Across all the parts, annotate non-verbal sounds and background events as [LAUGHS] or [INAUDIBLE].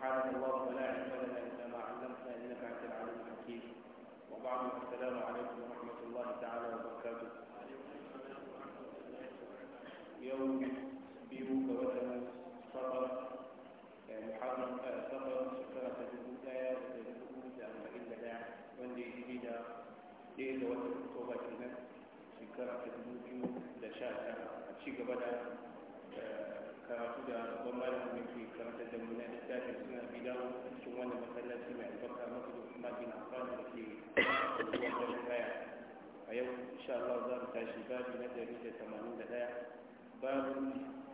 سبحانك اللهم لا علم لنا الا ما علمتنا انك انت العليم الحكيم وبعد السلام عليكم ورحمه الله تعالى وبركاته يوم بيو وثنا سفر محرم سفر سفر تجدود آية وتجدود أما إلا لا وندي جديدة ليلة وتكتوبة كنا سكرة تجدود لا شاء الله أتشيك بدأ karatu da babban malamin da ke karanta da mu na littafin suna bidawo a cikin wannan masallaci mai albarka masu da kuma bin amfani da ke ruwan kaya a yau insha Allah za mu tashi babi na dari da tamanin da ɗaya babu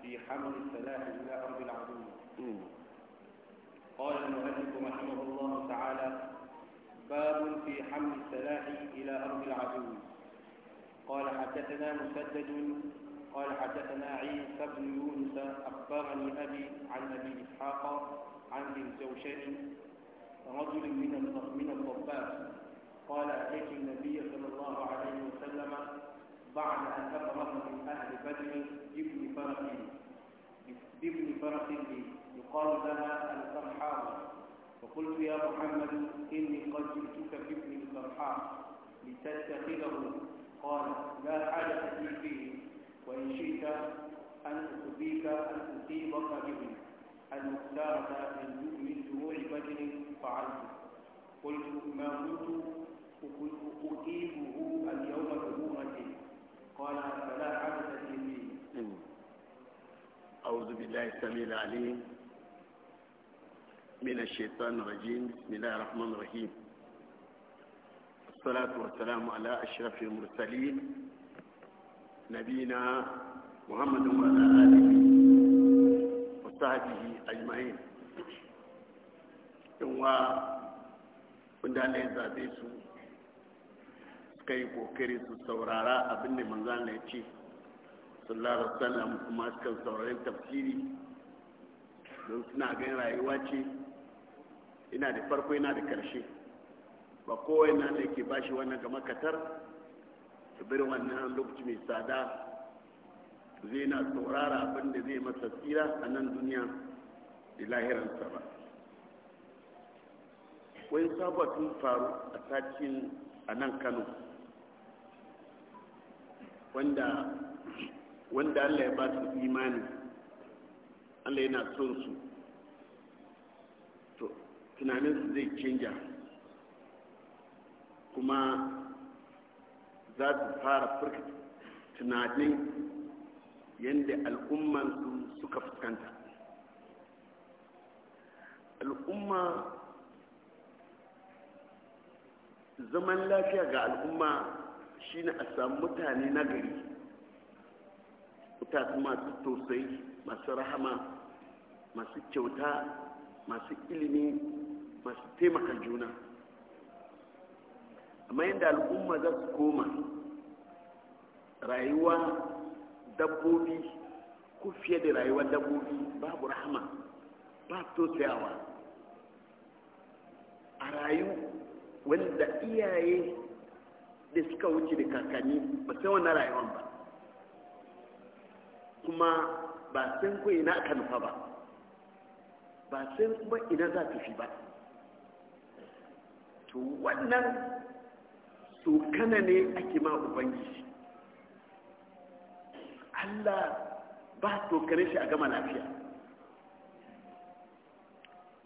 fi hamlin salahi ila ardil azumi قال المؤلف رحمه الله تعالى باب في حمل السلاح إلى أرض العدو قال حدثنا مسدد قال حدثنا عيسى بن يونس أخبرني أبي عن أبي إسحاق عن ذي الزوجين رجل من من الضباب قال أتيت النبي صلى الله عليه وسلم بعد أن تفرغ من أهل بدر بابن فرس بابن فرس لي يقال لها الفرحاء فقلت يا محمد إني قد جئتك بابن الفرحاء لتتخذه قال لا حاجة لي فيه وإن شئت أن تصيبك أن تصيبك بهم المختارة من دموع بدر فعلت قلت ما كنت أقيمه اليوم بأمتي قال فلا عبث لي أعوذ بالله السميع العليم من الشيطان الرجيم بسم الله الرحمن الرحيم والصلاة والسلام على أشرف المرسلين نبينا محمد وعلى آله وصحبه أجمعين yanwa wanda الله ya zabe su suka أبن kokari su saurara abin da عليه ya ce سكن سورين wasallam tafsiri don suna ganin rayuwa ce ina da farko ina da karshe ba kowai na da ke bashi wannan ga makatar ki bar wannan lokaci mai tsada zai na saurara abin zai masa tsira a nan duniya da lahiransa ba wani sabuwa sun faru a sacin a nan kano wanda wanda allah ya ba su imani allah yana son su to tunaninsu zai canja kuma za su fara furka tunanin yadda al'ummansu suka fuskanta al'umma zaman lafiya ga al'umma shine a samu mutane na gari mutane masu tausayi masu rahama masu kyauta masu ilimi masu taimaka juna amma yadda al'umma za su koma rayuwa dabbobi ko fiye da rayuwar dabbobi babu rahama ba tsayawa a rayu wanda iyaye da suka wuce da kakanni ba sai wannan rayuwan ba kuma ba san ku ina aka nufa ba ba san kuma ina za ta fi ba to wannan to kana ne ake ma ubangiji allah ba tokare shi a gama lafiya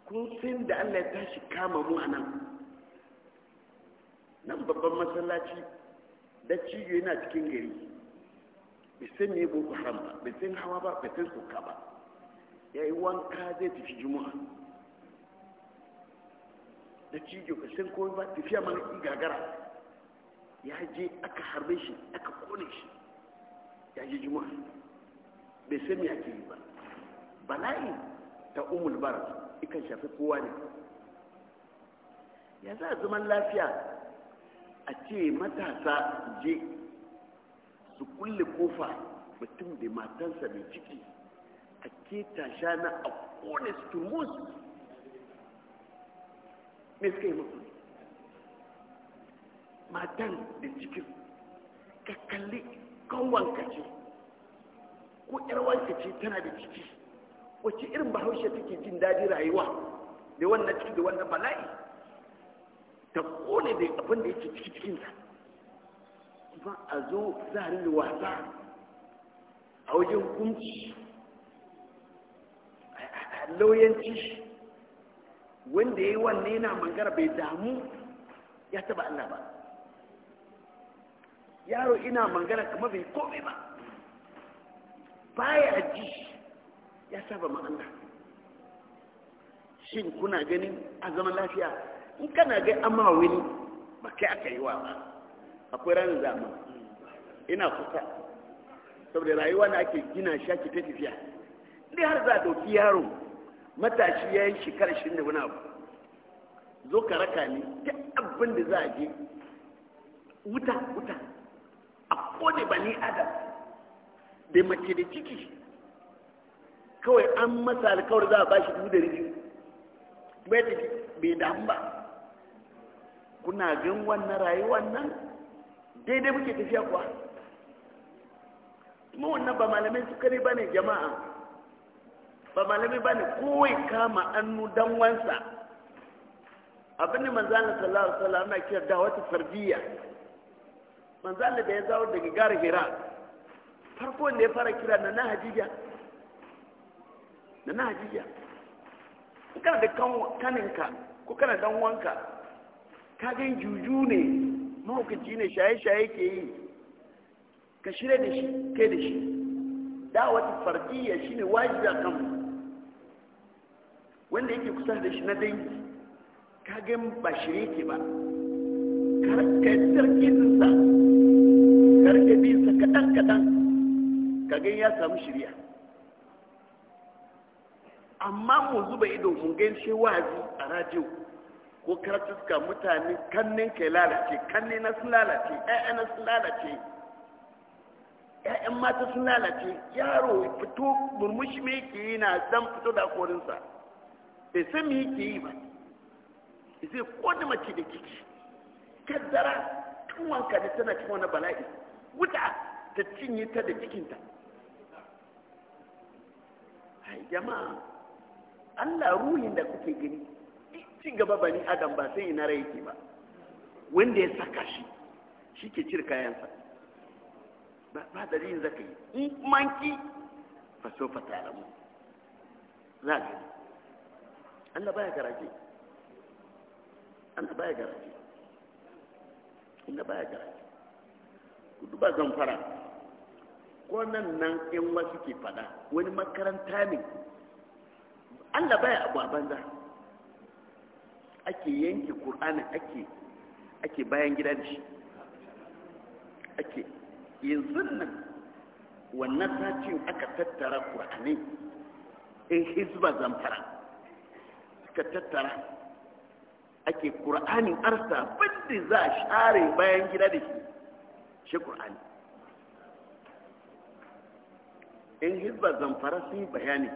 kun san da allah ya tashi kama mu a nan nan babban masallaci da ciyo yana cikin gari bai san ne boko haram ba bai san hawa ba bai san soka ba ya yi wanka zai tafi juma'a da ciyo ka san kowai ba tafiya mana gagara ya je aka harbe shi aka kone shi ya je juma'a bai san ya ke yi ba bala'i ta umul bar ikan shafi kowa ne ya za zaman lafiya a ce matasa je su kulle kofa mutum da matansa mai ciki a keta shana a kone su turmus me suka yi mafi matan da cikin ka kalli kanwanka ce ko yarwanka ce tana da ciki wacce irin bahaushe take jin daɗi rayuwa da wannan ciki da wannan bala'i ta kone da abin da yake ciki cikinta kuma a zo za a rinda wasa a wajen hukunci a lauyanci wanda ya yi wannan yana mangara bai damu ya taba Allah ba yaro ina mangana kama bai kome ba baya ji ya saba ma'ana shin kuna ganin a zaman lafiya in kana ga amma wani ba kai aka yi wa ba akwai ranar zama ina kusa saboda rayuwa na ake gina shi ake ta tafiya ɗai har za a ɗauki yaro matashi ya yi shekarar shi da wani abu zo ka raka ne ta abin da za a je wuta wuta a kone bani adam da mace da ciki kawai an masa alkawar za a ba shi dubu da biyu bai da bai da ba kuna gan wannan rayuwar nan daidai muke tafiya kuwa kuma wannan ba malamai su kare ba ne jama'a ba malamai ba ne kowai kama annu dan wansa abin da manzana sallallahu alaihi wasallam na kiyar da wata tarbiyya manzo Allah da ya zawo daga gar Hira farko ne ya fara kira na na Hajija na na kana da kaninka ko kana dan wanka ka gan juju ne mahaukaci ne shaye-shaye ke yi ka shirya da shi kai da shi dawata fardiyya shine wajiba kanmu wanda yake kusa da shi na dangi kagen ba shirye ke ba karkatar sa. ka rike bin sa kadan kadan ka ga ya samu shiriya amma mu zuba ido mun gan shi wazi a radio ko karatuka mutane kannin ke lalace kanne na sun lalace ƴaƴa na sun lalace ƴaƴan mata sun lalace yaro fito murmushi mai ke yi na zan fito da korinsa bai san me ke yi ba zai kodin mace da kiki kaddara tun wanka da tana cikin wani bala'i wuta ta cinye ta da cikinta hai jama'a Allah ruhin da kuke gani ci gaba bani adam ba sai ina rai ke ba wanda ya saka shi shi ke cire kayansa ba da yin zaka yi in manki faso fatara mu za ka yi Allah baya garaje Allah baya garaje Allah baya garaje ba zan zamfara ko nan nan in wasu ke fada wani makaranta ne allah baya abu a banza ake yanke ƙur'anin ake ake bayan gida da shi ake yanzu nan wannan satin aka tattara Kur'ani in hizba zamfara suka tattara ake ƙur'anin arsa banda za a share bayan gida da shi shi ƙur'ani in hizba zamfara sun yi bayani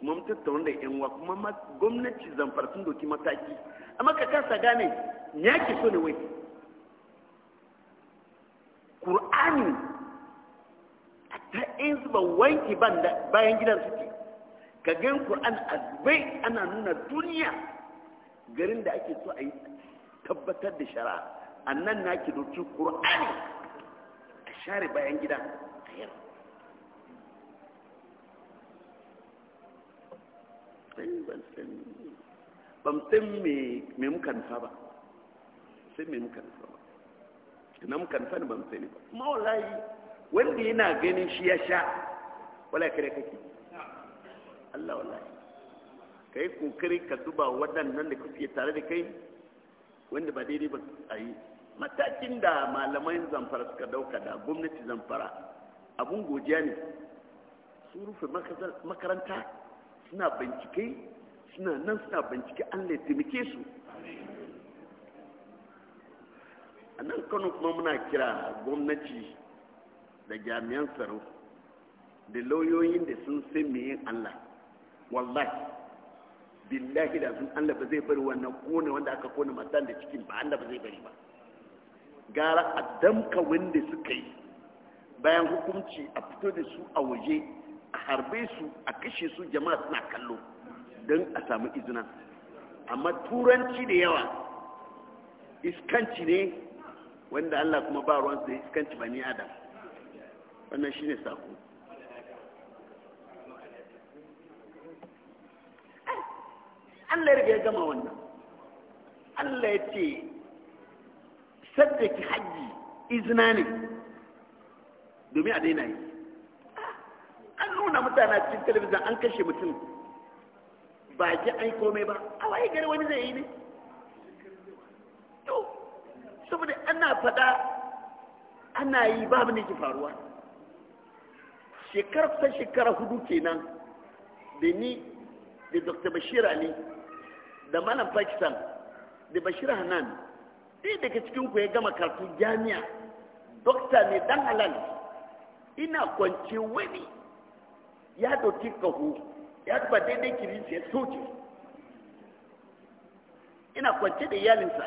kuma mun tattauna da yan wa kuma gwamnati zamfara sun doki mataki amma ka kasa gane ya ke so ne wai ƙur'ani ta in su wanki bayan gidan suke ka gan ƙur'an azbai ana nuna duniya garin da ake so a yi tabbatar da shara'a annan na ke doki ƙur'ani share bayan gida a yau ban san me muka nufa ba sai me muka nufa ba ina muka nufa ne ban sani ba kuma wallahi wanda yana ganin shi ya sha wallahi kare kake Allah wallahi kai kokari ka duba waɗannan da kuke tare da kai wanda ba daidai ba a yi matakin da malamai zamfara suka dauka da gwamnati zamfara abun godiya ne sun rufe makaranta suna bincike suna nan suna bincike an taimake su a nan kano kuma muna kira gwamnati da jami'an tsaro da lauyoyin da sun sai meyin allah wallahi billahi da sun allah ba zai bari wannan kone wanda aka kone matan da cikin ba allah ba zai bari ba gara a damka wanda suka yi bayan hukunci a fito da su a waje a harbe su a kashe su jama'a suna kallo don a samu izina amma turanci da yawa iskanci ne wanda allah kuma ba ruwansu da iskanci ba ni adam wannan shine sako allah ya gama wannan allah ya ce saddaki hajji izina ne domin a daina yi an nuna mutane a cikin talabijin an kashe mutum ba ji an komai ba a waye gari wani zai yi ne to saboda ana faɗa ana yi babu ne ki faruwa shekara kusan shekara hudu kenan da ni da dr bashir ali da malam pakistan da bashir hannan ɗaya daga cikin ku ya gama karatu jami'a dokta ne dan halal ina kwance wani ya doki kahu ya zuba daidai kirinsa ya soke ina kwance da iyalinsa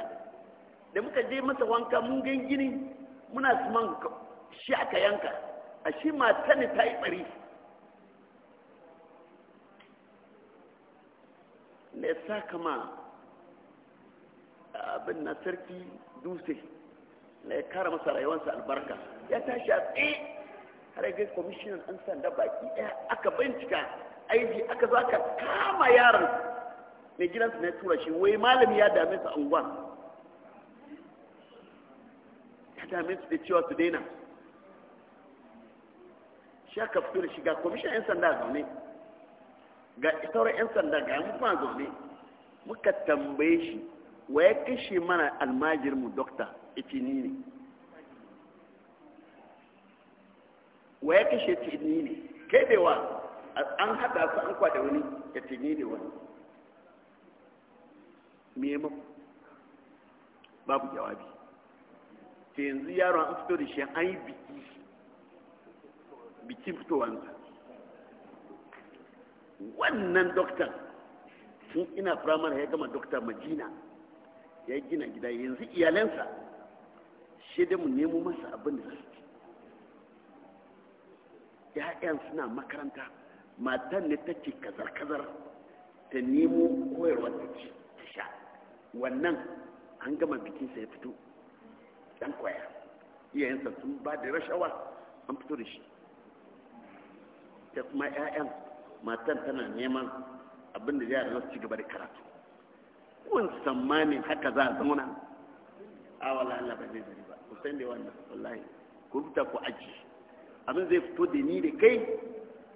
da muka je masa wanka mun gan gini muna suman shi aka yanka a shi mata ne ta yi bari ne sa kama abin na sarki dutse na ya kara masa rayuwarsa albarka ya tashi a tsaye har ga kwamishinan an sanda baki ɗaya aka bincika aiki aka zo aka kama yaron mai gidansa na tura shi wai malami ya dame su anguwa ya dame su da cewa su daina shi aka fito da shiga kwamishinan 'yan sanda zaune ga sauran 'yan sanda ga mutum zaune muka tambaye shi wa ya kashe mana almajirmu dokta ita ni ne wa ya kashe ta ni ne kai da wa an hada su an kwada wani ya ta ni ne wani mema babu jawabi ta yanzu yaron an fito da shi an yi biki fito fitowansa wannan doktan sun ina firamare ya gama dokta majina ya gina gida yanzu iyalansa shi da mu nemo masa abin da su ci ya'yan suna makaranta matan ne ta ce kazar-kazar ta nemo koyarwa ta ci ta sha wannan an gama bikinsa ya fito dan kwaya iyayensa sun ba da rashawa an fito da shi ta kuma 'ya'yan matan tana neman abin da yaran su ci gaba da karatu kun tsammanin haka za a zauna a wala Allah ba zai zari ba ku san da wannan wallahi ku fita ku aji abin zai fito da ni da kai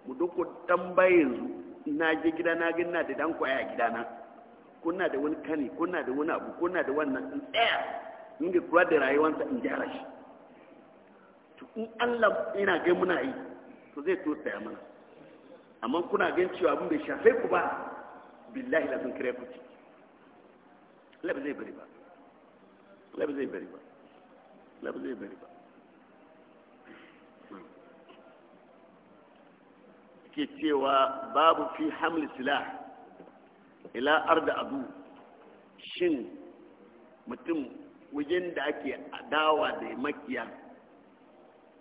mu duk dan yanzu na je gida na ga ina da dan ku a gida na kuna da wani kani kuna da wani abu kuna da wannan in tsaya in ga kula da rayuwarsa in gyara shi to in Allah ina ga muna yi to zai to tsaya mana amma kuna gan cewa abin bai shafe ku ba billahi lazin kare ku ciki Allah zai bari ba Allah zai bari ba Allah zai bari ba ke cewa babu fi hamli silah ila arda adu shin mutum wajen da ake adawa da makiya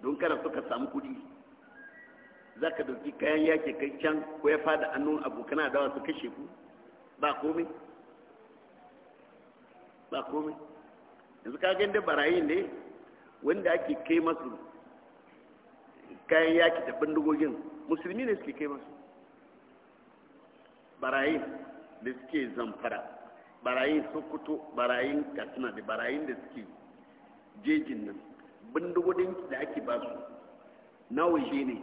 don kada suka samu kudi za ka dauki kayan yake kai can ko ya fada annun abokan dawa su kashe ku ba komai ba komai yanzu ka da barayi ne wanda ake kai masu kayan yaki da bindigogin musulmi ne suke kai masu barayi da suke zamfara barayin sokoto barayin katsina da barayin da suke jejin nan bindigogin da ake ba su na waje ne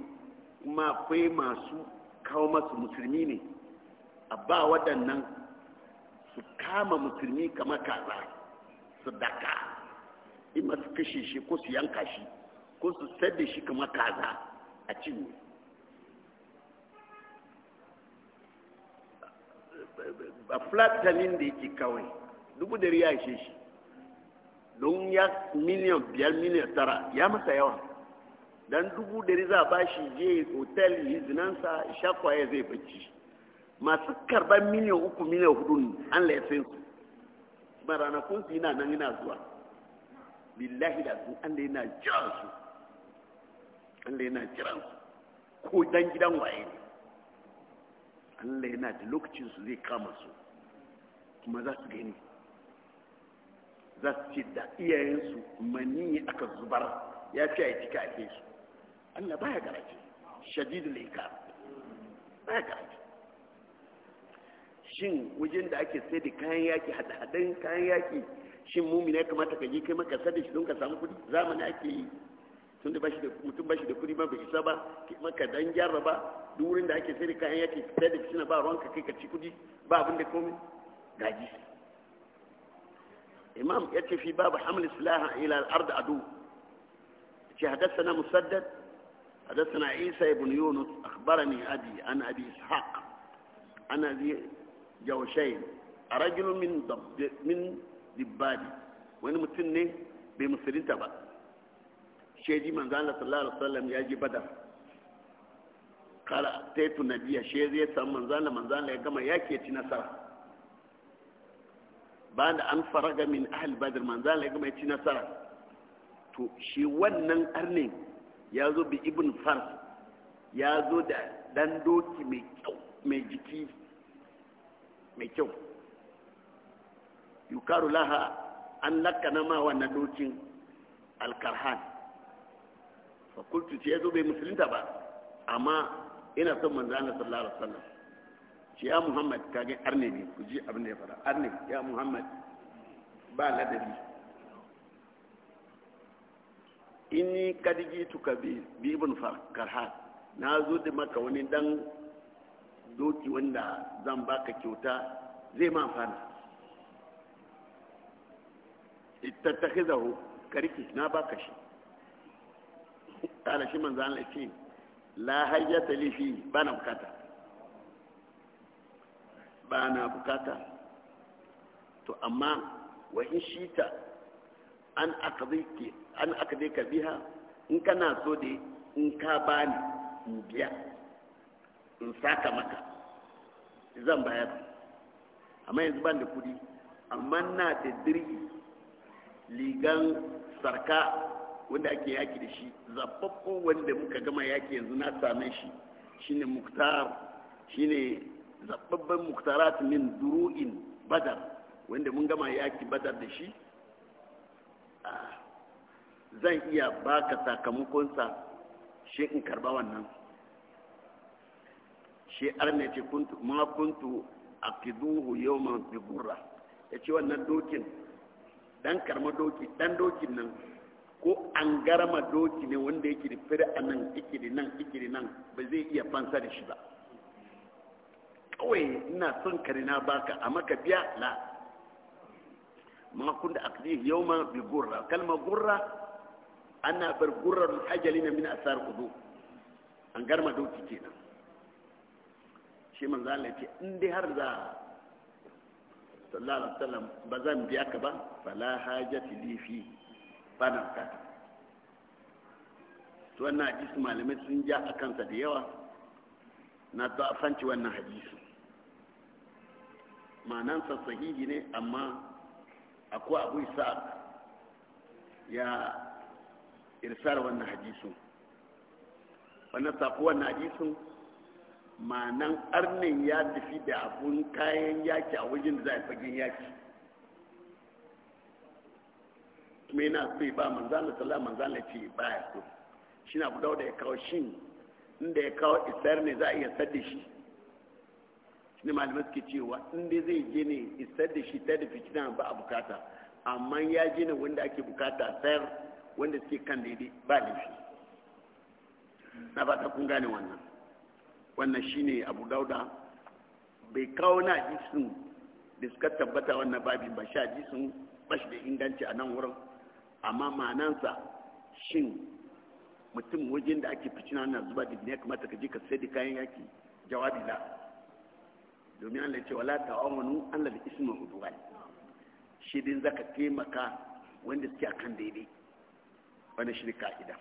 kuma akwai masu kawo masu musulmi ne a ba waɗannan kama musulmi kamar kaza su daka in masu kashe shi ko su yanka shi ko su sadda shi kamar kaza a cinye a flatanin da yake kawai dubu da riya ishe shi don ya miliyan biyar miliyan tara ya masa yawa dan dubu da za a ba shi je hotel yi zinansa shakwaye zai bacci masu karban miliyan uku miliyan hudu ne an laifin su ba ranakun su yana nan yana zuwa billahi da su an da yana jiran su an da yana jiran su ko dan gidan waye ne an da yana da lokacin su zai kama su kuma za su gani za su ce da iyayensu mani aka zubar ya fi a yi cika a su Allah baya garaje laika ba ya garaje shin wajen da ake sai da kayan yaki hada-hadan kayan yaki shin mumina ya kamata ka je kai maka sada shi don ka samu kudi zamani ake yi tun da mutum bashi da kudi ma bai isa ba maka dan gyara ba duk wurin da ake sai da kayan yaki sai da suna ba ruwan ka kai ka ci kudi ba abin da komai gaji imam ya ce fi babu hamli silaha ila al'ar da ado ce hadassa na musaddad hadassa na isa ibn yunus akhbarani adi an abi ishaq ana jaushai a rajulun min min dibbadi wani mutum ne bai musulinta ba shaidi manzo Allah sallallahu alaihi wasallam ya ji badar kala yi nabiya she ya san manzo Allah manzo Allah ya gama ke ci nasara Ba da an faraga min ahal badar manzo Allah ya gama ya ci nasara to shi wannan arnin ya zo bi ibn fars ya zo da dan doki mai kyau mai jiki mai kyau yukaru laha an laka na ma wannan dokin alkarhan fakultu ce ya zo bai musulunta ba amma ina son manzo Allah sallallahu alaihi wasallam ce ya Muhammad kage arnabi ku ji abin da ya fara arnabi ya Muhammad ba ladabi inni kadigi tuka bi ibn karhan na zo da maka wani dan doki wanda zan baka kyauta zai ma amfana ittattaki zaho karki na baka shi kala shi manzo Allah ce la hayyata li fi bana bukata bana bukata to amma wa in shita an aqdiki an aqdika biha in kana so dai in ka bani in biya in saka maka zan bayar amma yanzu ban da kudi amma na da dirgi ligan sarka wanda ake yaki da shi zafafo wanda muka gama yaki yanzu na same shi shine muktar shine zafafan muktarat min duru'in badar wanda mun gama yaki badar da shi ah, zan iya baka sakamakonsa shi in karba wannan shi arne ce kuntu ma kuntu aqiduhu yawman bi burra ce wannan dokin dan karma doki dan dokin nan ko an garma doki ne wanda yake da fir anan yake da nan yake da nan ba zai iya fansa da shi ba kawai ina son kare na baka a maka biya la ma kunta aqiduhu yawman bi burra kalma burra ana bar gurrar hajali na min asar kudu an garma doki kenan shi man Allah ce in dai har za sallallahu alaihi wasallam ba zan biya ka ba fala hajati li fi na ka to wannan hadisi malamai sun ja a kansa da yawa na da'afanci wannan hadisi ma'anansa sahihi ne amma akwai abu isa ya irsar wannan hadisin wannan saƙo hadisin ma'anan arnin ya tafi da abun kayan yaki a wajen da za a fagen yaki kuma yana so ba manzana sallah manzana ce ba ya so shi na budau da ya kawo shin inda ya kawo isar ne za a iya sadda shi shi ne malamai suke cewa inda zai je ne isar da shi ta da fitina ba a bukata amma ya je ne wanda ake bukata sayar wanda suke kan daidai ba laifi na ta kun gane wannan wannan shine abu dauda bai kawo na jisun da suka tabbata wannan babin ba sha jisun bashi da inganci a nan wurin amma ma'anansa shin mutum wajen da ake ficina na zuba da ya kamata ka je ka sai da kayan yaki jawabi na domin Allah ya ce wala ta'awanu Allah da ismu udwan shi din zaka taimaka wanda suke kan daidai wanda shi ka'ida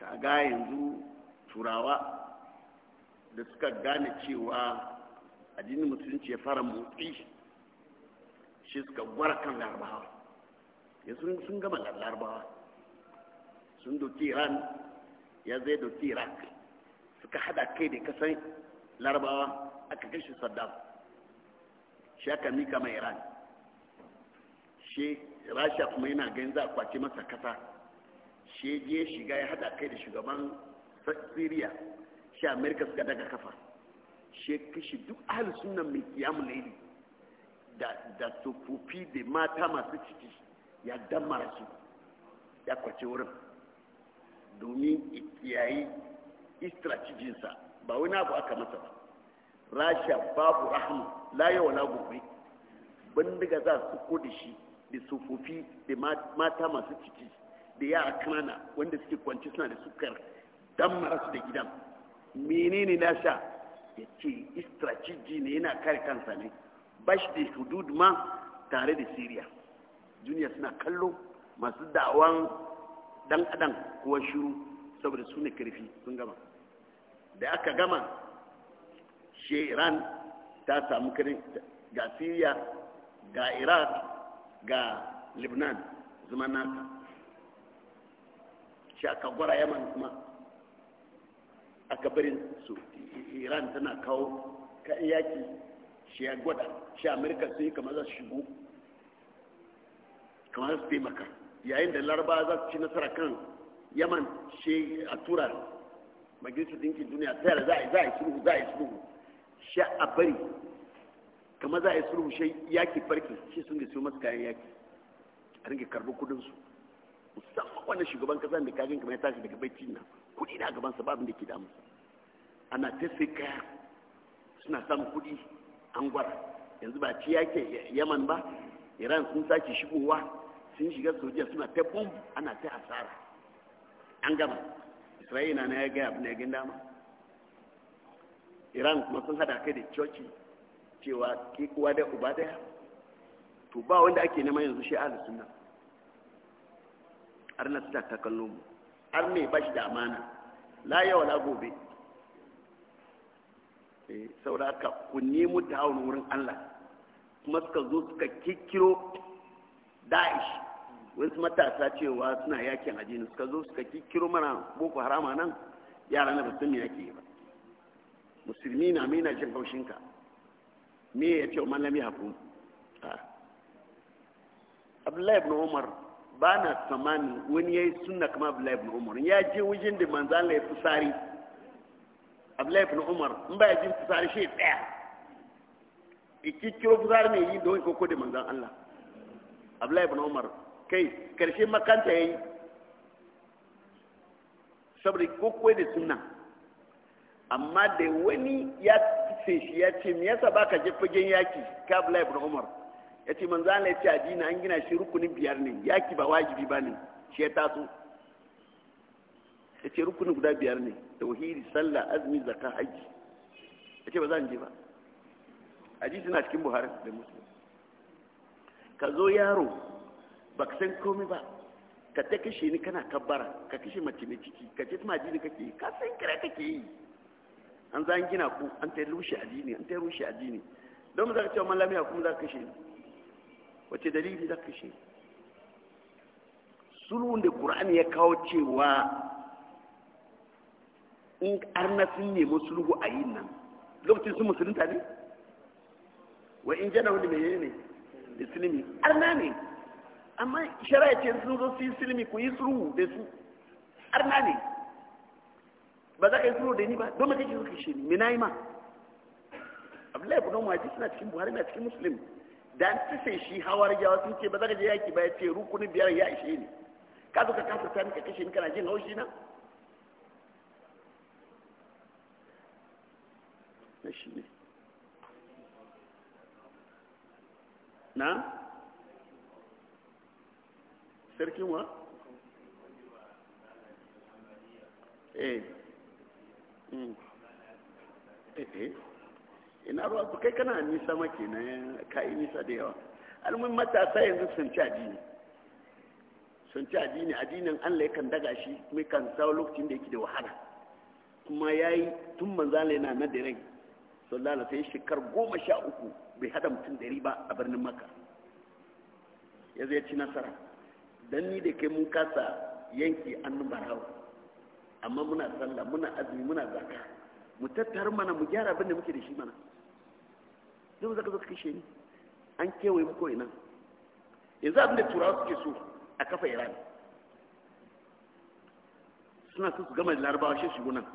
kaga yanzu turawa da suka gane cewa addinin musulunci ya fara motsi shi suka gwara kan larabawa ya sun gama larabawa sun doki iran ya zai doki iraq suka hada kai da kasan larabawa aka kashe saddam shi aka mika mai iran shi rasha kuma yana ganin za a kwace masa kasa shi je shiga ya hada kai da shugaban siriya shi amerika suka daga kafa shi kashi duk ahalin sunan mai kiyamun laili da tsofaffi da mata masu ciki ya damara su ya kwace wurin domin ikiyayi istracijinsa ba wani abu aka masa ba rasha babu rahama la yawa na gobe bindiga za su ko da shi da tsofaffi da mata masu ciki da yara kanana wanda suke kwanci suna da sukar damara su da gidan menene na sha ya ce istrategi ne yana kare kansa ne bashi da hudud ma tare da siriya duniya suna kallo masu da'awan dan adam kuwa shiru saboda su ne karfi sun gama da aka gama she iran ta samu kare ga syria ga iraq ga lebanon zama nasa shi aka gwara yaman kuma a kabarin su iran tana kawo kayan yaki shi ya gwada shi amurka sun yi kamar za su shigo kamar su taimaka yayin da laraba za su ci nasara kan yaman shi a tura majalisar dinkin duniya ta yara za a yi sulhu za a yi sulhu shi a bari kama za a yi sulhu shi yaki farki shi sun gasi masu kayan yaki a ringa karbi kudinsu musamman wani shugaban kasa da kagin kamar ya tashi daga baitin nan kuɗi na gaban sa babin da ke damu ana ta sai kaya suna samun kuɗi an gwara yanzu ba ci yake yaman ba iran sun sake shigowa sun shiga sojiya suna ta bom ana ta asara an gama isra'ila na ya gaya abin ya gina dama iran kuma sun hada kai da coci cewa ke kuwa da uba daya to ba wanda ake nema yanzu shi ahalusun nan har na suna ta kallon mu har mai ba shi da amana la yawa la gobe eh, saboda ku nemo hawan wurin Allah kuma suka zo suka kikiro da'ish wasu matasa cewa suna yakin ajini suka zo suka kikiro mana boko harama nan yara na basu yake ba musulmi na mai na jin haushinka me ya ce wa malami hakun ah. abdullahi ibn umar ba na tsammani wani ya yi suna kama abdullahi ibn umar ya je wajen da manzo Allah ya fusari abdullahi ibn umar in ba ya ji fusari shi iki kiro fusari ne yi don koko da manzan Allah abdullahi ibn umar kai karshe makanta ya yi saboda koko da suna amma da wani ya ce shi ya ce me yasa baka je fagen yaki ka abdullahi ibn umar ya ce manzo Allah ya ce addini an gina shi rukunin biyar ne yaki ba wajibi ba ne shi ya taso ya ce rukunin guda biyar ne tauhidi sallah azumi zakka haji ya ce ba zan je ba haji suna cikin buhari da musu ka zo yaro ba ka san komi ba ka ta kashe ni kana kabbara ka kashe mace mai ciki ka ce tuma addini kake yi ka san kira kake yi an zan gina ku an ta rushe addini an ta rushe addini don mu za ka ce wa malamiya kuma za ka kashe ni wace dalili da kashe sulhun da ƙur'an ya kawo cewa in arna sun nemi sulhu a yin nan lokacin sun musulunta ne wa in jana wani mai ne da silmi arna ne amma shari'a ce sun zo su yi silmi ku yi sulhu da su arna ne ba za ka yi sulhu da ni ba don ma kake suka shi ni mina yi ma abdullahi ibn wajen suna cikin buhari na cikin musulmi dan sai shi hawar jawa sun ce ba za ka je yaki ba ya ce rukunin biyar ya ishe ni ka zo ka kasa sami ka kashe ni kana jin haushi na na shi ne na sarkin wa eh hmm. eh eh ina ruwa ku kai kana nisa ma kenan ka yi nisa da yawa almin matasa yanzu sun ci addini sun ci addini addinin Allah kan daga shi mai kan tsawon lokacin da yake da wahala kuma ya yi tun manzala yana na dare rai sallallahu alaihi shekar goma sha uku bai hada mutum dari ba a birnin maka ya zai ci nasara dan ni da kai mun kasa yanki annun barawa amma muna sallah muna azumi muna zaka mu tattar mana mu gyara abin da muke da shi mana yau zaka zo ka kashe ni an kewaye mu koyi nan yanzu abin da turawa suke so a kafa iran suna so su gama da larabawa shi shigo nan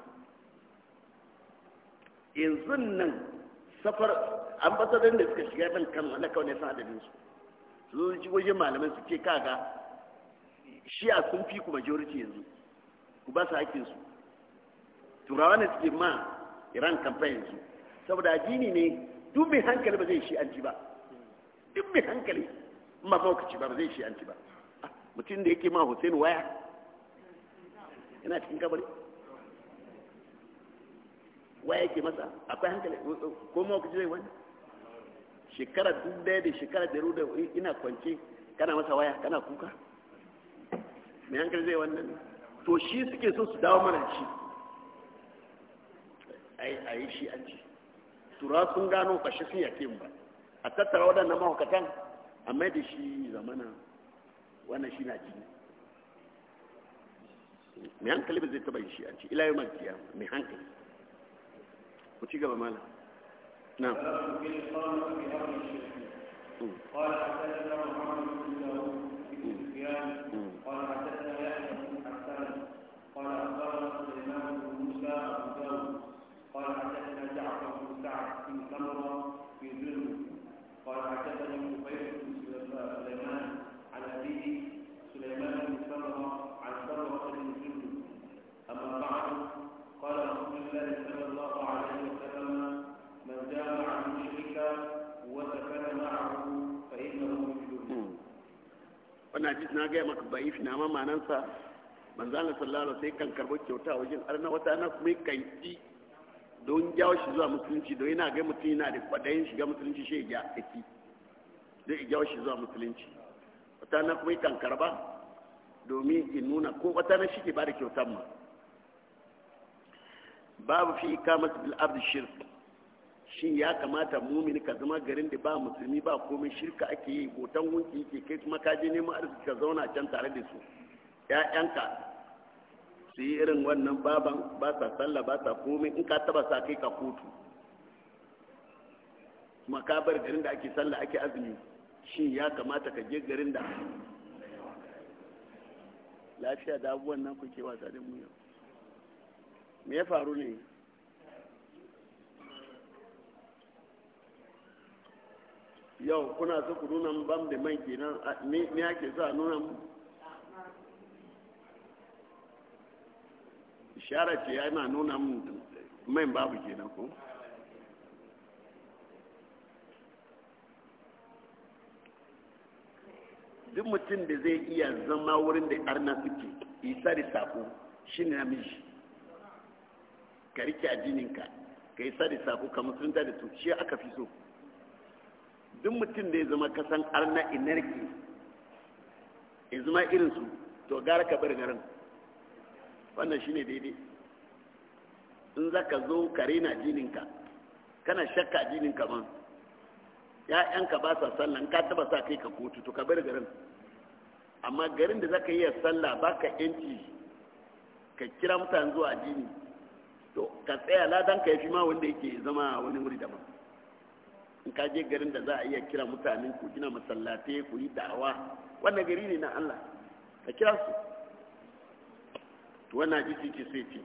yanzu nan safar ambasadan da suka shiga ɗan kan wanda kawai ne san adadin su su zo ji wajen malaman su kaga kaga shi'a sun fi ku majority yanzu ku ba su hakinsu su turawa ne suke ma iran campaign yanzu saboda addini ne duk mai hankali ba zai shi an ci ba duk mai hankali mafaukaci ba ba zai shi an ci ba ah, mutum da yake ma hussein waya yana cikin kabari waya yake masa akwai hankali ko mawakaci zai wani shekara duk daya da shekara da ruda ina kwance kana masa waya kana kuka mai hankali zai wannan to shi suke so su dawo mana shi a yi shi an ci tura sun gano ba sun yake ba a tattara waɗannan mahaukatan a mai da shi zamana wannan shi na jini mai hankali ba zai taba yi shi a ci ilayen malkiya mai hankali ku ci gaba mala na قال حدثنا محمد بن داود بن سفيان قال حدثنا na ji na gaya maka bai fi nama manansa ban Allah sallallahu sai kan karbo kyauta wajen arna wata na kuma kan yi don jawo shi zuwa musulunci don yana ga mutum yana da kwadayin shiga musulunci shi ya kaki zai jawo shi zuwa musulunci wata na kuma kan karba domin in nuna ko wata na shi ke ba da kyautan ma babu fi ikamatu bil abdi shirku shin ya kamata mumini ka zama garin da ba musulmi ba komai shirka ake yi hoton wunki yake kai kuma ka je neman arziki ka zauna can tare da su ƴaƴanka su yi irin wannan baban ba sa sallah ba sa komai in ka taba sa kai ka kotu kuma ka bar garin da ake sallah ake azumi shin ya kamata ka je garin da lafiya da abubuwan nan kuke wasa da mu yau me ya faru ne yau kuna so ku nuna ban da mai kenan me ake so a nuna mu shara ce ya na nuna mu mai babu kenan ko duk mutum da zai iya zama wurin da arna suke isa da sako shi ne namiji ka rike ajininka ka isa da sako ka musulunta da su shi aka fi so duk mutum da ya zama kasan arna inarki ya zama irinsu to gara ka bar garin wannan shine daidai in za ka zo kare na jininka kana shakka jininka ma ya'yanka ba sa sallan ka taba sa kai ka kotu to ka bar garin amma garin da za ka yi a sallah ba ka yanci ka kira mutane zuwa jini to ka tsaya ladan ka ya fi ma wanda yake zama wani wuri daban in ka je garin da za a iya kira mutanen ku gina masallate ku yi da'awa wannan gari ne na Allah ka kira su to wannan jiki ke sai ce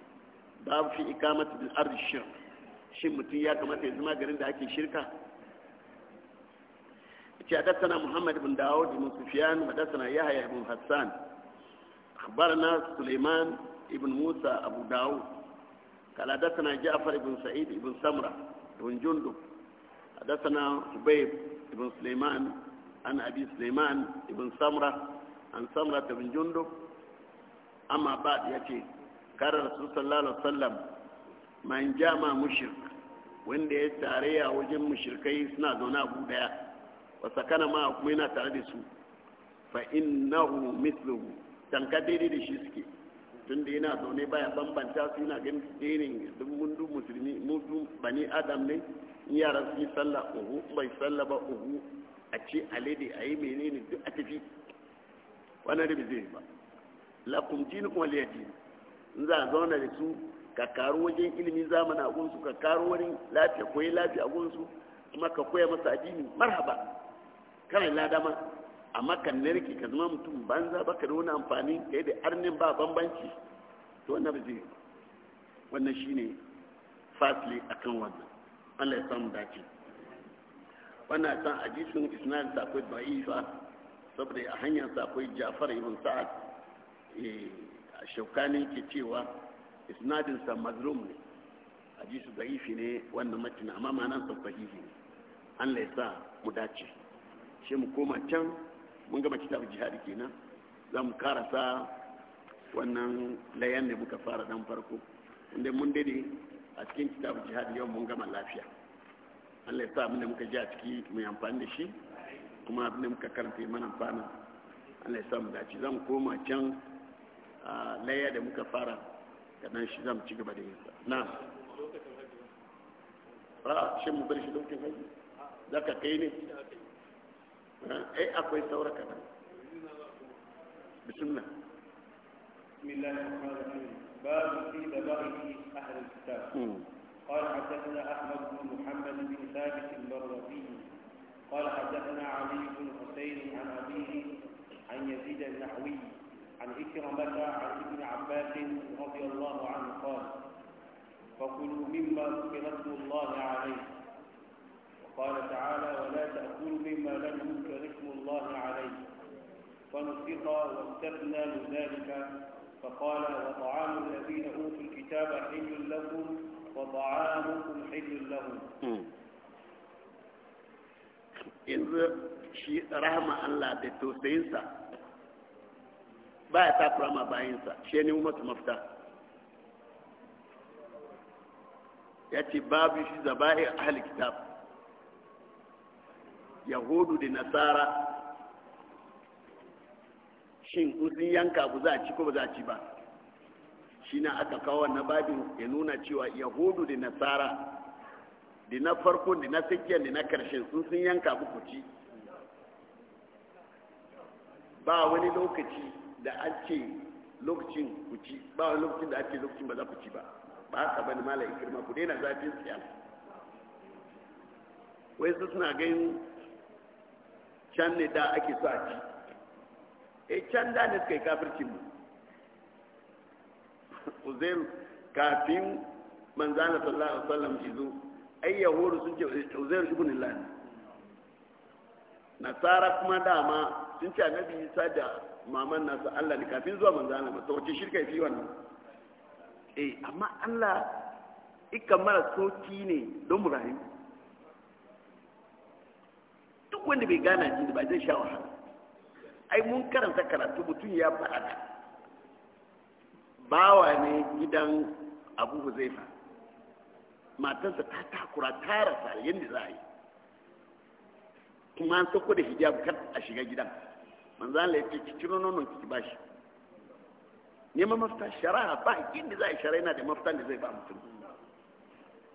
babu fi ikamatu bil ardi shirk shin mutum ya kamata ya zama garin da ake shirka ce hadathana muhammad ibn daud ibn sufyan hadathana yahya ibn hassan akhbarana sulaiman ibn musa abu daud قال حدثنا جعفر بن سعيد بن سمره بن جندب حدثنا حبيب بن سليمان عن أبي سليمان بن سمرة عن سمرة بن جندب أما بعد يأتي قال الرسول صلى الله عليه وسلم من جامع مشرك وإن دي تاريا وجم مشركي سنا دون أبو ديا وسكن ما أكمينا تردسو فإنه مثله تنكديري دي شسكي tun da yana zaune baya bambanta su yana ganin dinin dubu mundu musulmi mundu bani adam ne yaran su yi sallah uhu bai sallah ba uhu a ce alade a yi menene duk a tafi wannan da zai ba lakum jini kuma liyati in za a zauna da su ka karu wajen ilimin zamani a gunsu ka karu wani lafiya koyi lafiya a gunsu kuma ka koya masa addini marhaba kana lada ma amma ka narki ka zama mutum banza ba da wani amfani ka yi da arnin ba bambanci to wannan ba zai ba wannan shine fasli akan wannan Allah ya samu dace wannan san hadisin isnad sa akwai da'ifa saboda a hanyar sa akwai Ja'far ibn Sa'ad eh, a shaukani ke cewa isnadin sa mazlum ne hadisi da'ifi ne wannan matin amma ma'anar sa sahihi ne Allah ya sa mu dace shi mu koma can mun gama kitab jihadi kenan za mu karasa wannan layan da muka fara dan farko inda mun dade a cikin kitabu jihar yau mun gama lafiya Allah ya sa abinda muka ji a ciki mai amfani da shi kuma abinda muka karanta mana amfana Allah ya sa mu dace zan koma can a laya da muka fara kadan shi zan ci gaba da yin sa na a shin mu bar shi lokacin haji ka kai ne ai eh, akwai saura kadan bismillah bismillahir باب في ذبائح أهل الكتاب قال حدثنا أحمد بن محمد بن ثابت المروزي قال حدثنا علي بن حسين عن أبيه عن يزيد النحوي عن إكرمة عن ابن عباس رضي الله عنه قال فكلوا مما ذكر اسم الله عليه وقال تعالى ولا تأكلوا مما لم يذكر اسم الله عليه فنفق واستثنى من ذلك فقال وطعام الذين أوتوا الكتاب حل لكم وطعامكم حل لهم yanzu shi rahama Allah da tausayinsa ba ya takura ma bayansa shi ne masu mafita ya ce babu shi zaba'i a kitab yahudu da nasara shin sun yanka abu za a ci ko ba za a ci ba shi na aka kawo na babin ya nuna cewa yahudu da nasara da na farko da na tsakiyar da na karshen sun sun yanka abu ku ci ba wani lokaci da an ce lokacin ku ci ba wani lokacin da an ce lokacin ba za ku ci ba ba haka ba ni mala girma ku daina zafin siya wai su suna ganin can ne da ake so a ci e can da ne suka yi kafircin mu [LAUGHS] uzair kafin manzana sallallahu alaihi wasallam izo ai yahudu sun ce eh, uzair ibn allah nasara kuma dama sun ce annabi isa da maman nasu allah ne kafin zuwa manzana ba ta wace shirka fi wannan eh amma allah ikan mara soki ne don mu rayu duk wanda bai gana jini ba zai sha wahala ai mun karanta karatu mutum ya faɗa bawa ne gidan abu huzaifa matansa ta takura tara rasa yadda za a yi kuma an sauko da hijab kar a shiga gidan manzan laifin cikin nonon kiki ba shi neman mafita shara'a ba inda za a yi shara'a yana da mafita da zai ba mutum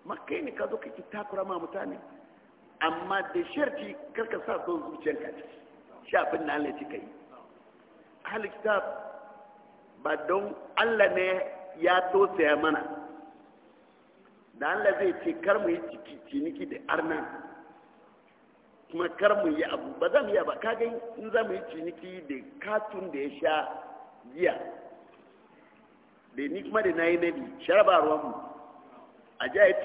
makai ne ka zo ka ki takura ma mutane amma da sharti karka sa son ka ciki shafin na da Allah cika yi ahalin ba don Allah ne ya tosaya mana da Allah zai ce kar mu yi ciniki da arna kuma kar mu yi abu ba za yi ba kaga in za mu yi ciniki da katun da ya sha giya da ni kuma da na yi nabi ba ruwanmu a ja ya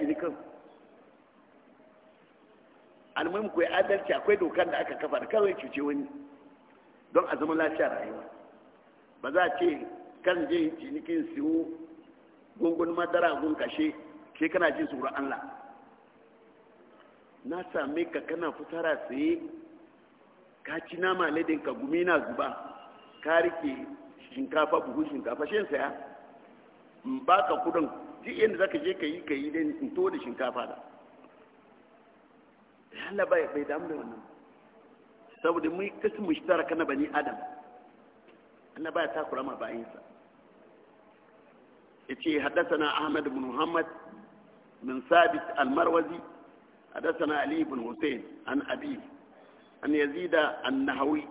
almuhim ku adalci akwai dokar da aka kafa da kawai cuce wani don a zama lafiya rayuwa ba za a ce kan je cinikin siyo gungun madara gun kashe ke kana jin tsoron allah na same ka kana fitara tsaye ka ci nama ledin ka gumi na zuba ka rike shinkafa buhu shinkafa shin saya ba ka kudin duk yadda ka je ka yi ka yi don to da shinkafa da Allah bai bai damu da wannan saboda mun kasu mushtaraka na bani adam Allah baya takura ma bayinsa yace haddathana Ahmad ibn Muhammad sabit almarwazi المروزي حدثنا علي بن حسين عن أبيه عن يزيد النهوي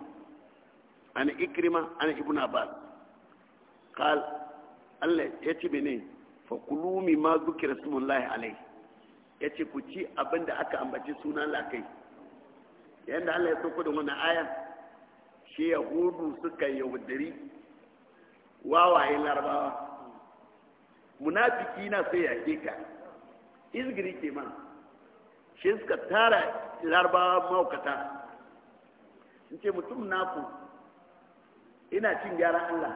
عن إكرمة عن ابن عباس قال الله يتبني فكلوا مما ذكر اسم الله عليه ya ce ku ci abin da aka ambaci sunan lakai yadda allah ya soko da wani aya shi yahudu suka yahudari wawaye larabawa munafiki na sai yake ka izgiri ke ma shi suka tara larabawa maukata in ce mutum naku ina cin gyara allah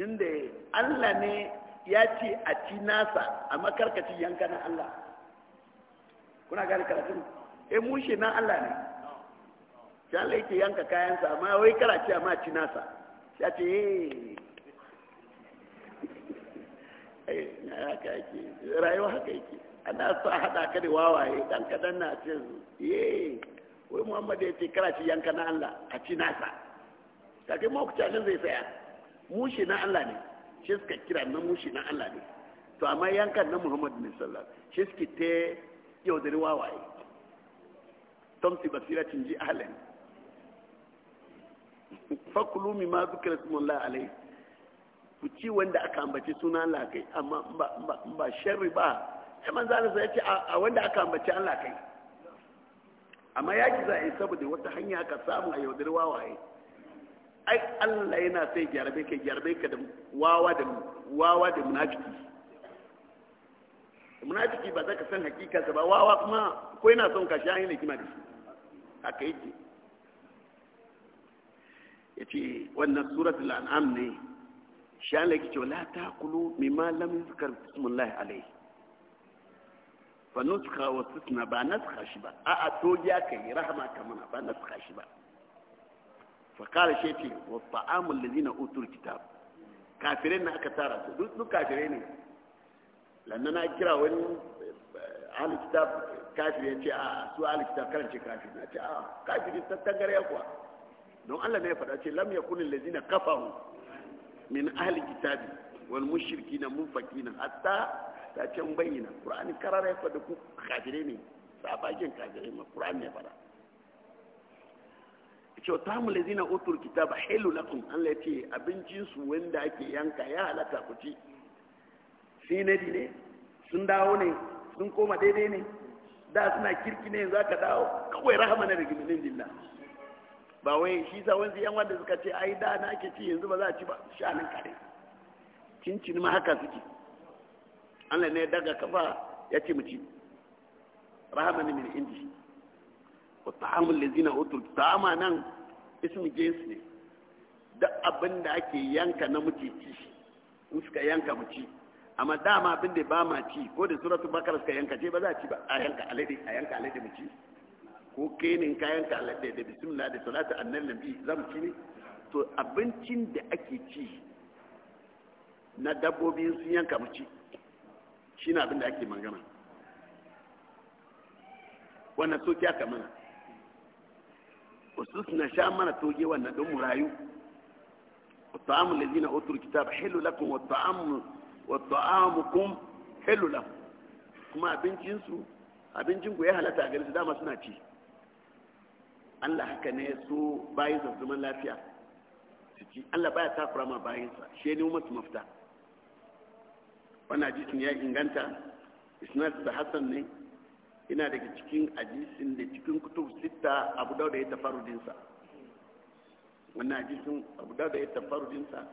tun da allah ne ya ce a ci nasa a makarkacin yanka na Allah kuna gani karatun eh mushe na Allah ne shi Allah yake yanka kayansa amma wai karaci amma ci nasa shi ya ce eh, [LAUGHS] eh rayuwa haka yake ana sa haɗa ka da wawaye dan kadan na ce eh wai Muhammad ya ce karaci yanka na Allah a ci nasa kake mu ku zai saya mushe na Allah ne shi suka kira na mushi na Allah ne to amma yankan na Muhammadu ne sallallahu shi suke ta yaudari wawaye tamsi basira cin ji ahlan fakulu mi ma zikra smullahi alai ku ci wanda aka ambaci suna Allah kai amma ba sharri ba sai man Allah sai ce a wanda aka ambaci Allah kai amma yaki za a yi saboda wata hanya ka samu a yaudari wawaye ai Allah yana sai gyarbe ka gyarbe ka da wawa da wawa da munafiki munafiki ba za ka san hakikarsa ba wawa kuma ko yana son ka shahin ne kima da shi haka yake yace wannan suratul an'am ne shi Allah yake cewa la kulu mimma lam yuzkar bismillah alayhi fa nuskha wa tusna ba naskha shi ba a a to ya kai rahama kamana ba naskha shi ba fakara shi ce wa fa'amun lalina utul kitab kafirai na aka tara su duk kafirai ne lannan na kira wani ahalin kitab kafir ya ce a su ahalin kitab karance kafir na ce a kafir ta tangare kuwa don allah ne ya faɗa ce lam ya kunin lalina kafahu min ahalin kitabi wal mushriki na munfaki na hatta ta can bayyana ƙur'ani karar ya faɗa ku kafirai ne sabagen kafirai ma ƙur'ani ya faɗa kyauta mu lazina utul kitaba hilu lakum Allah ya ce abincin su wanda ake yanka ya halaka ku ci sinadi ne sun dawo ne sun koma daidai ne da suna kirki ne za ka dawo kawai rahama na rigiminin lillah ba wai shi sa wanzu yan wanda suka ce ai da na ake ci yanzu ba za a ci ba shanin kare cincin ma haka suke Allah ne daga kafa ya ce mu ci rahama ne min indi wa ta'amul lazina utul ta'ama nan ismu jins ne duk abin da ake yanka na muke ci in suka yanka mu ci amma dama abin da ba ma ci ko da suratul bakar suka yanka ce ba za a ci ba a yanka alade a yanka alade mu ci ko kenin ka yanka alade da bismillah da salatu annabi za mu ci ne to abincin da ake ci na dabbobi sun yanka mu ci shine abin da ake magana wannan soki kya kamana Wasu suna sha mana toge wannan don mu rayu ta'amul lazina utul kitab hilu lakum wa ta'amu wa ta'amukum hilu lakum kuma abincin su abincin ku ya halarta a gare su dama suna ci Allah haka ne su bayin sa lafiya su Allah baya takura ma bayin sa shi ne ummatu mafita wannan hadisin ya inganta isnad da Hassan ne ina daga cikin ajisin da cikin kutub sita abu dauda ya tafarudinsa wannan ajisin abu dauda ya tafarudinsa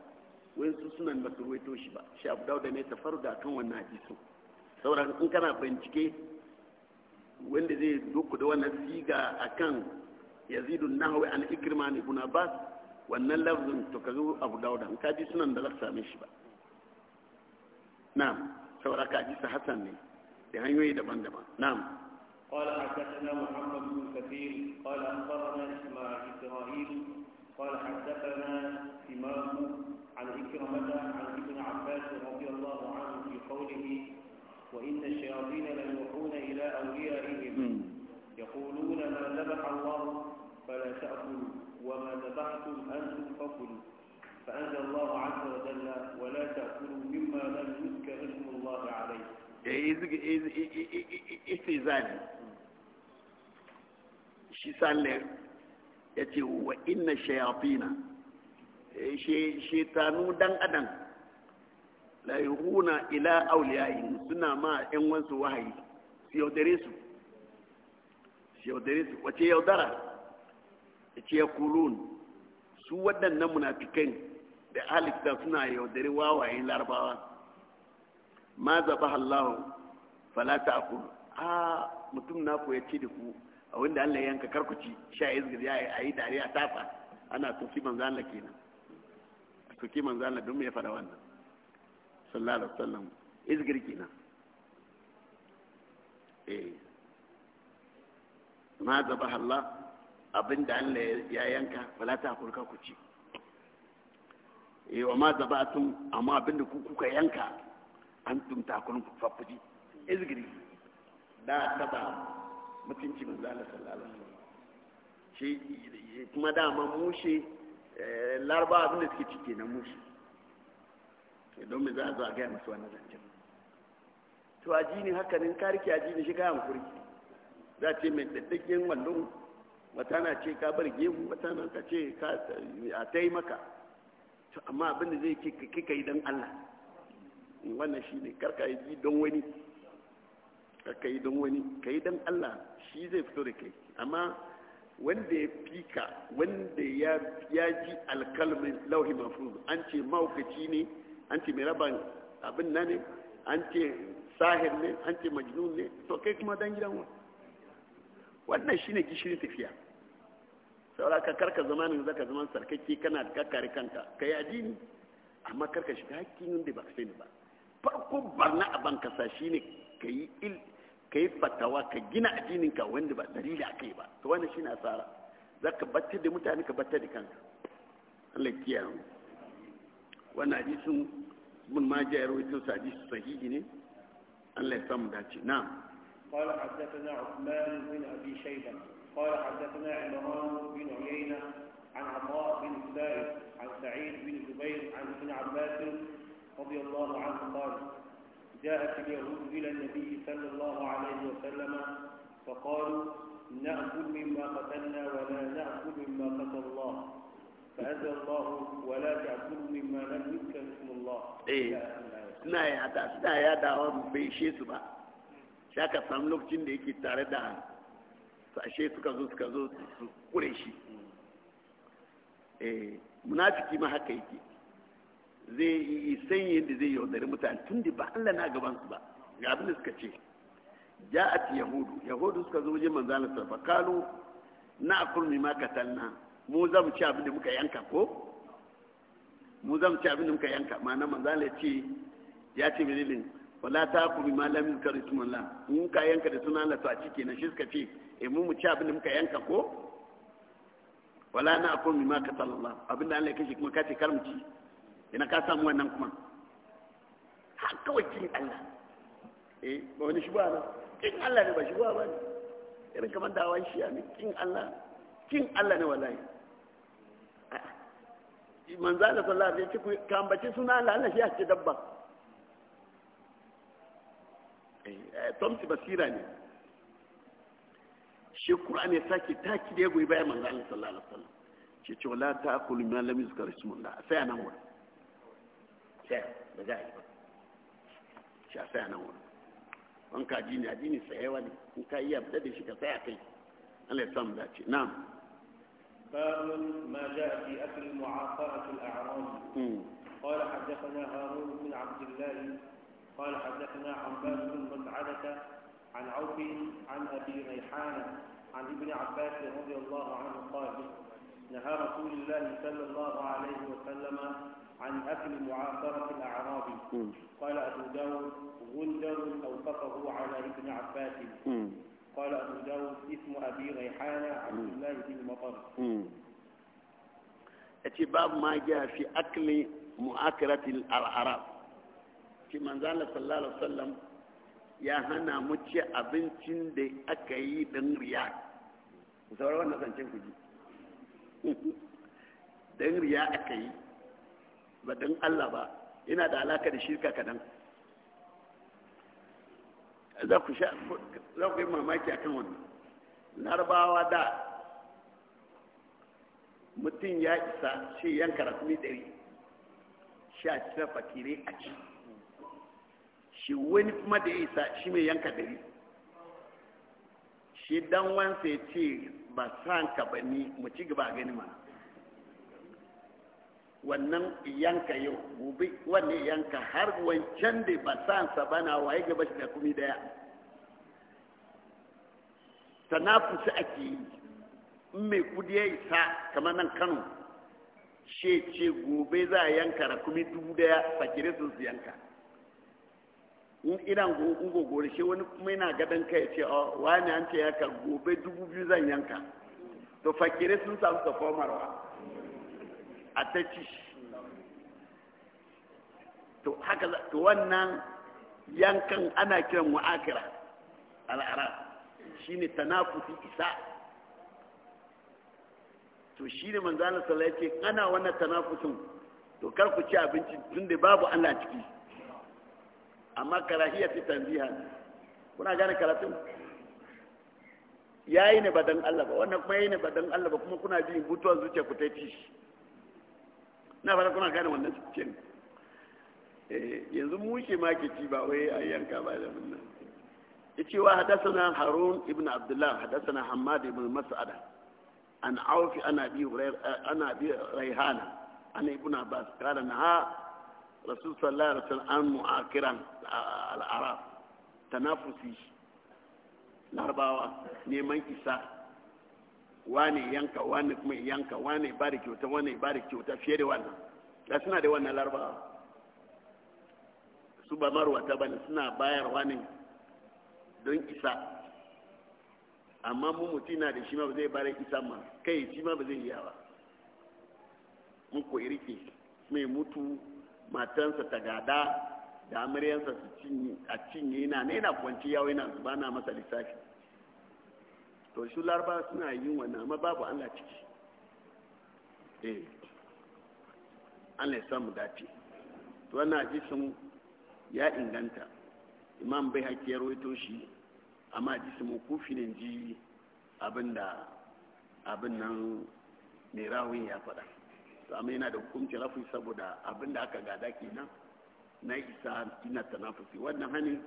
wani su sunan ba su ruwaito shi ba shi abu dauda ne tafaruda kan wannan ajisin sauran in kana bincike wanda zai duku da wannan siga a kan yazidu nahawi an ikirma ne ibn abbas wannan lafzin to ka zo abu dauda in ka ji sunan da za ka same shi ba na sauraka ajisa hassan ne تهنيوي دبان دبان نعم قال حدثنا محمد بن كثير قال أخبرنا مع إسرائيل قال حدثنا إمام عن إكرمة عن ابن عباس رضي الله عنه في قوله وإن الشياطين ليوحون إلى أوليائهم يقولون ما ذبح الله فلا تأكلوا وما ذبحتم أنتم فكلوا فأنزل الله عز وجل ولا تأكلوا مما لم يذكر اسم الله عليه ya yi istizani shi sallar ya ce wa inna shayafina eh, shetanu dan adam laihuna ila auliyayin suna ma yan wansu wahayi su yaudare su su yaudare su wace yaudara ya ce ya kulun su waɗannan munafikan da halitta suna yaudare wawayen larabawa ma zaba Allah fala ta'kulu a mutum na ko ce da ku a wanda Allah yanka karkuci sha izgir ya yi dare a tafa ana soki manzo Allah kenan soki manzo Allah don ya fara wannan sallallahu alaihi wasallam izgir kenan eh ma zaba abin da Allah ya yanka fala ta'kulu ka ku ci eh wa ma tun amma abin ku kuka yanka an tumta kun fafuji izgiri da taba mutunci manzo Allah sallallahu alaihi wasallam shi kuma da ma mushe eh, larba abin da suke cike na mushe don me za a zo a gaya masu wannan zancen to aji ne haka nin ka rike aji ne shi kayan kuri za ce mai daddakin wallon wata na ce ka bar gemu wata na ka ce a taimaka maka amma abin da zai kika kai don Allah wannan shi ne karka yi don wani karka yi don wani ka yi don allah shi zai fito da kai amma wanda ya fika wanda ya ji alkalmin lauhi mafi an ce maukaci ne an ce mai raban abin na ne an ce sahir ne an ce majinu ne to kai kuma dan gidan wa wannan ne gishirin tafiya saboda ka karka zamanin zaka zaman sarkake kana da kakkare kanka yi addini amma karka shiga hakkin da ba ka ni ba farko barna a ban kasa shine ka yi il ka yi fatawa ka gina addininka wanda ba dalili a kai ba to wannan shine asara za ka battar da mutane ka battar da kanka Allah kiyaye mu wannan hadisin ibn majah ya rawaito sa hadisi sahihi ne Allah ya samu dace na'am قال حدثنا عثمان بن ابي شيبه قال حدثنا عمران بن عيينه عن عطاء بن زبير عن سعيد بن جبير عن ابن عباس رضي الله عنه قال جاءت اليهود إلى النبي صلى الله عليه وسلم فقالوا نأكل مما قتلنا ولا نأكل مما قتل الله فأزل الله ولا تأكل مما لم يذكر اسم الله إيه suna yada suna yadawa bai ishe su ba sha ka samu lokacin da yake tare da sashe suka zo suka zo zai yi sanya yadda zai yaudari mutane tun da ba Allah na gaban su ba ga abin da suka ce ti yahudu yahudu suka zo wajen manzana sarfa kalu na akul ka katalna mu za mu ci abin da muka yanka ko mu za mu ci abin da muka yanka ma'ana manzo Allah ya ce ya ce bililin wala ta ku bi karu tumun la mun ka yanka da suna Allah a cike na shi suka ce e mu mu ci abin da muka yanka ko wala na akul ka katalna abin da Allah ya kashe kuma ce kar mu ci ina ka samu wannan kuma har kawai cin Allah eh ba wani shi ba na cin Allah ne ba shi ba ne irin yaani kamar da wani shiya ne cin Allah cin Allah ne wallahi ah. manzo Allah sallallahu alaihi wasallam ya ce ka suna Allah Allah shi ya ce dabba eh, eh tomsi basira ne shi Qur'ani ya sake taki da ya goyi bayan manzo Allah sallallahu alaihi wasallam ce ce wala ta'kulu ma lam yuzkar ismullah sai anan wurin نعم. باب ما جاء في اكل معاصره الاعراض قال حدثنا هارون بن عبد الله قال حدثنا عن باب بن مسعده عن عوف عن ابي ريحان عن ابن عباس رضي الله عنه قال نهى رسول الله صلى الله عليه وسلم عن أكل معاصرة الأعراب قال أبو داود غندر أوقفه على ابن عباس قال أبو داود اسم أبي ريحان عبد الله بن مطر اتباب ما جاء في أكل مؤاكرة الأعراب في منزل صلى الله عليه وسلم يا هنا متي ابن دي أكي [LAUGHS] دن رياض sauran wannan zancen ku ji ba don Allah ba ina da alaka da shirka kadan za ku yi mamaki a kan wannan larabawa da mutum ya isa shi yanka rasmi ɗari sha cikin fakirai a ci shi wani kuma da ya isa shi mai yanka ɗari shi dan wansa ya ce ba san ka ba ni mu ci gaba gani ma. wannan yanka yau gobe wannan yanka har wancan da ba san sa bana waye gaba shi da kumi daya tanafusi ake yi in mai kudi ya isa kamar nan kano she ce gobe za a yanka da kumi dubu daya fakire sun su yanka in ina gogore she wani kuma yana gadon kai ce oh, wani an ce yanka gobe dubu biyu zan yanka to fakire sun samu ta formarwa a ta ci to haka to wannan yankan ana kiran mu'akira al'ara shine tanafusi isa to shi ne manzana sallallahu alaihi wasallam ana wannan tanafusin to kar ku ci abinci tun da babu Allah ciki amma karahiyya ta tanziha kuna gane karatun yayi ne badan Allah ba wannan kuma yayi ne badan Allah ba kuma kuna bi mutuwar zuciya ku ta ci shi na fara kuna gane wannan cikin eh, yanzu muke makeci ba wai a yanka ba da ya ce wa hadathana harun ibn abdullah hadathana hammad ibn mas'ada an aufi ana bi ana bi raihana ana ibn abbas kana na rasul sallallahu alaihi wasallam an mu'akiran al-arab tanafusi larbawa neman isa wani yanka wani kuma yanka wani ba da kyauta wani ba da kyauta fiye da wannan da suna da wannan larabawa su ba marwata ta bane suna bayarwa ne don isa amma mu mutu na da shi ma ba zai bare isa ma kai shi ma ba zai iya ba mu koyi rike mai mutu matansa ta gada da amaryansa a cinye na ne na kwanci yawo yana zuba na masa lissafi to shi laraba suna yi wannan amma babu allah ciki eh allah ya samu dace to wannan hadisin ya inganta imam bai haƙi ya rawaito shi amma hadisin kufi ne ji abinda abin nan mai rawin ya faɗa to amma yana da hukumci rafi saboda abinda aka gada kenan na isa ina tanafusi wannan hannun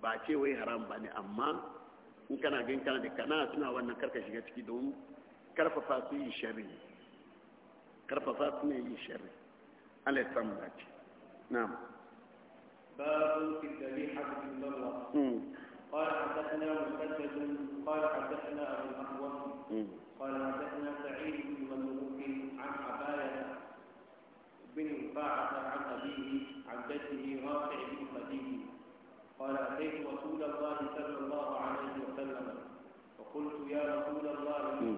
ba ce wai haram ba ne amma كان جين كان ذكر ناس نوع أن كرك شجت كدوم كرف فاتي شري كرف فاتني شري على تمرج نعم باب في الذبيحة في المرة قال حدثنا مسدد قال حدثنا أبو الأحوص قال حدثنا سعيد بن مملوك عن عباية بن رفاعة عن أبيه عن جده رافع بن خديجة قال أتيت رسول الله صلى الله عليه وسلم فقلت يا رسول الله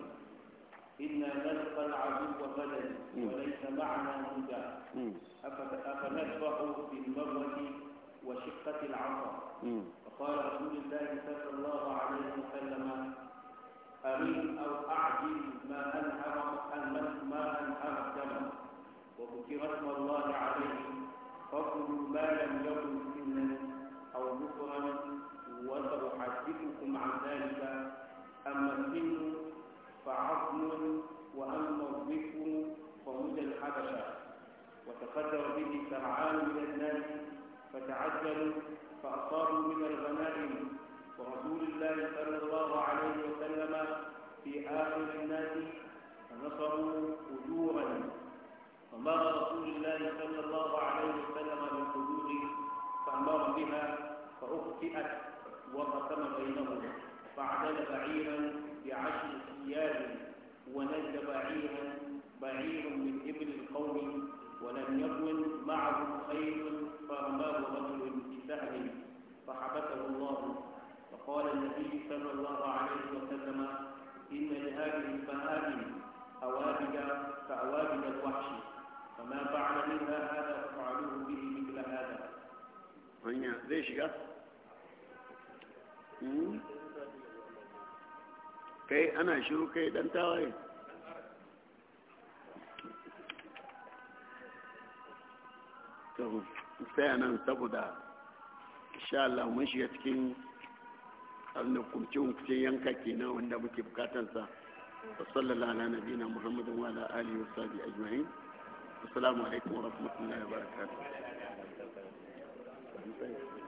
إنا نلقى العدو غدا وليس معنا هدى أفنذبح بالمروة وشقة العصا فقال رسول الله صلى الله عليه وسلم أمين أو أعجل ما أنهر ما أنهر دما وذكر اسم الله عليه فاقلوا ما لم يكن في النبي أو نصرا وسأحدثكم عن ذلك أما السن فعظم وأما الظفر فمدى الحبشة وتقدر به سرعان من الناس فتعجلوا فأصابوا من الغنائم ورسول الله صلى الله عليه وسلم في آخر الناس فنصروا أجورا فما رسول الله صلى الله عليه وسلم من فأمر بها فأخطئت وقسم بينهم فعدل بعيرا بعشر ثياب ونزل بعيرا بعير من إبل القوم ولم يكن معه خير فرماه رجل بسهل فحبسه الله فقال النبي صلى الله عليه وسلم إن لهذه المآدم أوابد كأوابد الوحش فما فعل منها هذا ففعلوه به hanya zai shiga hmm? kai ana shiru kai dan tawaye to sai nan saboda insha Allah mun shiga cikin abin da kumce-kumce yanka kenan wanda muke bukatansa wa sallallahu ala nabina muhammadin wa ala alihi wa sahbihi ajma'in assalamu alaikum wa rahmatullahi you think?